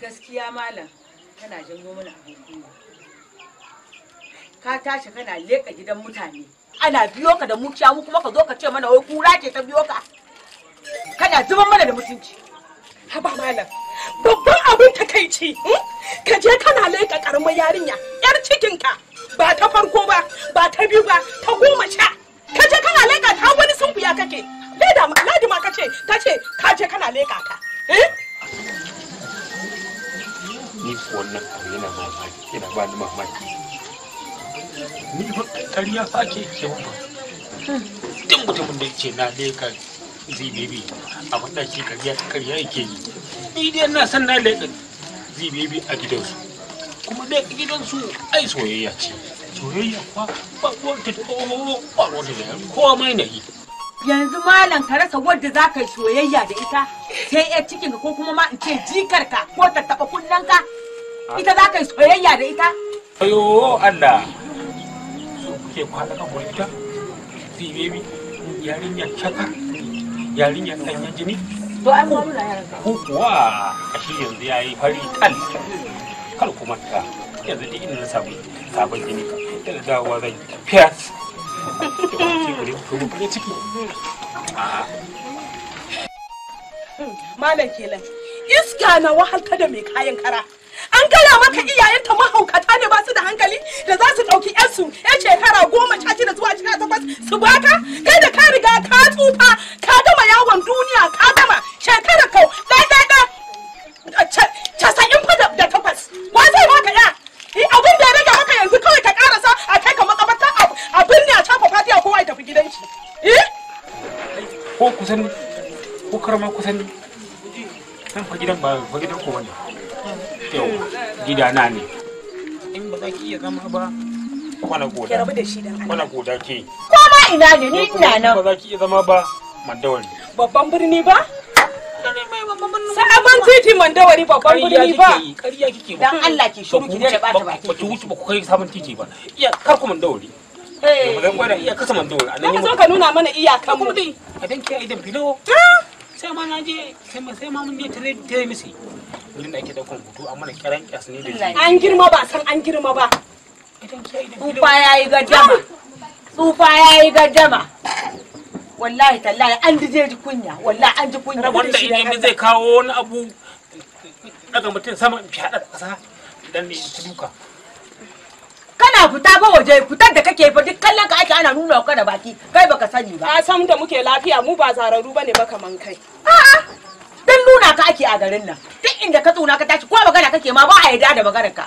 gaskiya malam tana janyo mana abokin ka tashi kana leka gidan mutane ana biyo ka da mukiya mu kuma ka zo ka ce mana wai kura ke ta biyo ka kana zuban mana da mutunci haba malam babban abin takaici hmm? ka je kana leka karamar yarinya yar cikin ka ba ta farko ba ba ta biyu ba ta goma sha ka je kana leka ta wani sunkuya kake leda ladi ma kace kace ka je kana leka ta ni ko wannan abu yana mamaki yana ba ni mamaki ni fa ƙarya fa ke ke ba duk mutumin da yake na leka zibibi a wanda ke ƙarya ƙarya yake yi ni dai na san na leka zibibi a gidansu kuma dai gidansu ai soyayya ce soyayya kwa ba wata ta ohoho oh, ba wata da kowa mai na yi yanzu malam ka rasa wadda za ka yi soyayya da ita sai ya cikin ko kuma ma in ce jikarka ko ta taɓa kunnen ita za ka yi soyayya da ita ayo Allah so kuke kwaɗa kan ita si baby yarinyar cakar yarinyar ɗanyen jini to an ma muna yaran ko kuwa a shi yanzu ya yi fari kan kar ku manta yanzu duk inda na samu sabon jini da dawowa zan fiyas Malam kelan, iska na wahalta da mai kayan kara. su ya shekara goma sha shida zuwa shekara takwas su baka kai da ka riga ka tsufa ka gama yawon duniya ka gama shekara kau casa'in fa da takwas zai baka ya abin da ya rage maka yanzu kawai ka karasa a kai ka makabarta abin ne a shafa fatiya kowa ya tafi gidan eh? ko kusan ko karma kusan kan fa gidan ba fa gidan ko wani yau ne in ba za ki iya zama ba Kwana goda. Ki rabu da shi dan Kwana goda ke. Ko ma ina ne ni ina nan. Ba za ki iya zama ba mandawari. Babban birni ba? Sai titi mandawari babban birni ba. Ƙarya kike ba. Dan Allah ki shiru ki daina bata baki. ki wuce ba ku kai sabon titi ba. Iya kar ku mandawari. Eh. Ba gwada iya kasa mandawari. Na zo ka nuna mana iyakan mu. A dan ke aidan filo. sai ma na je sai ma mun je tare wurin da ake daukan amma kiran kyas ne da an girma ba san an girma ba tsufa ya yi gaddama tsufa ya yi gaddama wallahi tallahi an ji ji kunya wallahi an ji kunya rabon da ilimi zai kawo wani abu daga mutum sama in fiye da ƙasa dan ne duka kana fita ba waje fitar da kake fa duk kallon ka ake ana nuna ka da baki kai baka sani ba a san da muke lafiya mu ba zararu bane ba kaman kai a'a dan nuna ka ake a garin nan duk inda ka tsuna ka tashi ko magana kake ma ba a yarda da maganar ka